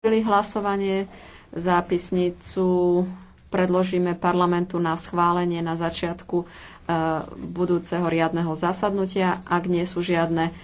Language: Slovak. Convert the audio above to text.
otvorili hlasovanie. Zápisnicu predložíme parlamentu na schválenie na začiatku eh, budúceho riadneho zasadnutia. Ak nie sú žiadne